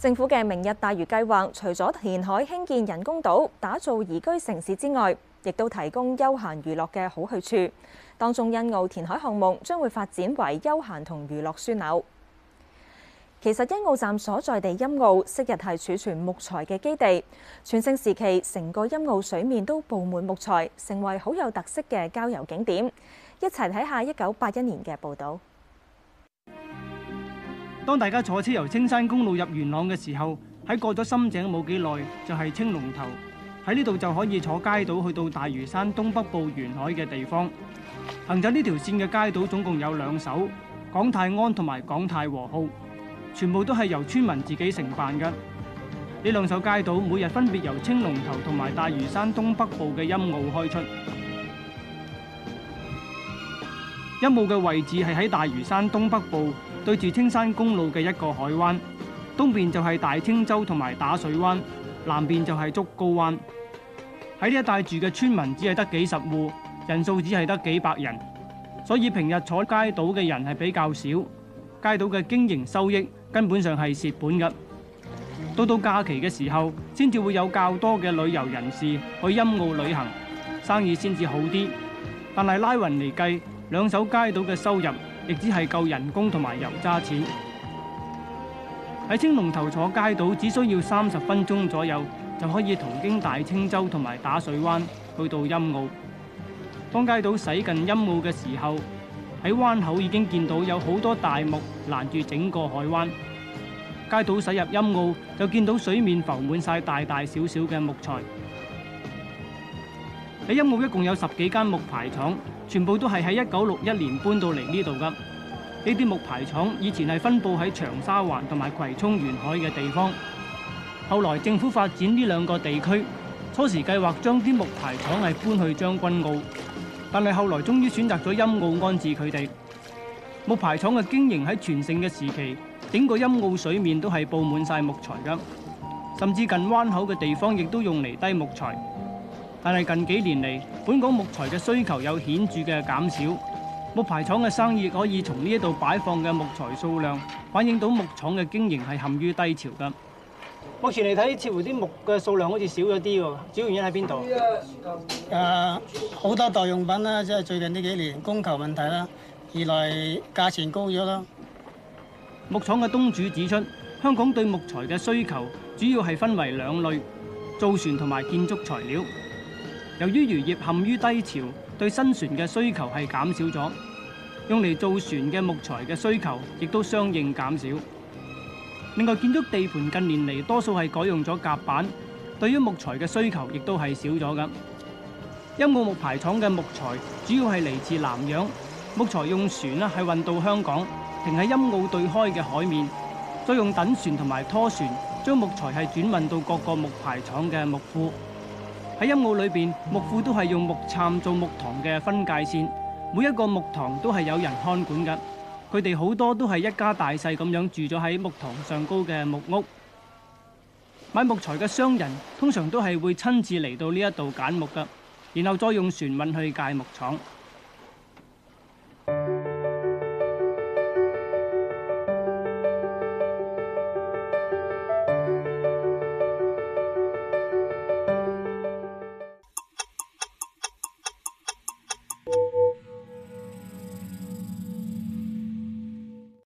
政府嘅明日大嶼計劃，除咗填海興建人工島、打造宜居城市之外，亦都提供休閒娛樂嘅好去處。當中陰澳填海項目將會發展為休閒同娛樂樞紐。其實欣澳站所在地陰澳昔日係儲存木材嘅基地，全盛時期成個陰澳水面都佈滿木材，成為好有特色嘅郊遊景點。一齊睇下一九八一年嘅報導。當大家坐車由青山公路入元朗嘅時候，喺過咗深井冇幾耐，就係青龍頭。喺呢度就可以坐街道去到大嶼山東北部沿海嘅地方。行走呢條線嘅街道總共有兩艘港泰安同埋港泰和號，全部都係由村民自己承辦㗎。呢兩艘街道每日分別由青龍頭同埋大嶼山東北部嘅陰澳開出。陰澳嘅位置係喺大嶼山東北部，對住青山公路嘅一個海灣，東邊就係大清洲同埋打水灣，南邊就係竹篙灣。喺呢一帶住嘅村民只係得幾十戶，人數只係得幾百人，所以平日坐街渡嘅人係比較少，街渡嘅經營收益根本上係蝕本嘅。到到假期嘅時候，先至會有較多嘅旅遊人士去陰澳旅行，生意先至好啲。但係拉勻嚟計。兩艘街渡嘅收入，亦只係夠人工同埋油渣錢。喺青龍頭坐街渡只需要三十分鐘左右，就可以途經大青洲同埋打水灣，去到陰澳。當街渡駛近陰澳嘅時候，喺灣口已經見到有好多大木攔住整個海灣。街渡駛入陰澳，就見到水面浮滿晒大大小小嘅木材。喺陰澳一共有十幾間木排廠，全部都係喺一九六一年搬到嚟呢度嘅。呢啲木排廠以前係分布喺長沙灣同埋葵涌沿海嘅地方，後來政府發展呢兩個地區，初時計劃將啲木排廠係搬去將軍澳，但係後來終於選擇咗陰澳安置佢哋。木排廠嘅經營喺全盛嘅時期，整個陰澳水面都係布滿晒木材嘅，甚至近灣口嘅地方亦都用嚟堆木材。但係近幾年嚟，本港木材嘅需求有顯著嘅減少，木排廠嘅生意，可以從呢一度擺放嘅木材數量反映到木廠嘅經營係陷於低潮㗎。目前嚟睇，似乎啲木嘅數量好似少咗啲喎，主要原因喺邊度？誒、啊，好多代用品啦，即係最近呢幾年供求問題啦，二來價錢高咗啦。木廠嘅東主指出，香港對木材嘅需求主要係分為兩類：造船同埋建築材料。由於漁業陷於低潮，對新船嘅需求係減少咗，用嚟造船嘅木材嘅需求亦都相應減少。另外，建築地盤近年嚟多數係改用咗甲板，對於木材嘅需求亦都係少咗㗎。陰澳木排廠嘅木材主要係嚟自南洋，木材用船啦係運到香港，停喺陰澳對開嘅海面，再用等船同埋拖船將木材係轉運到各個木排廠嘅木庫。喺陰澳裏邊，木庫都係用木杉做木塘嘅分界線，每一個木塘都係有人看管㗎。佢哋好多都係一家大細咁樣住咗喺木塘上高嘅木屋。買木材嘅商人通常都係會親自嚟到呢一度揀木㗎，然後再用船運去界木廠。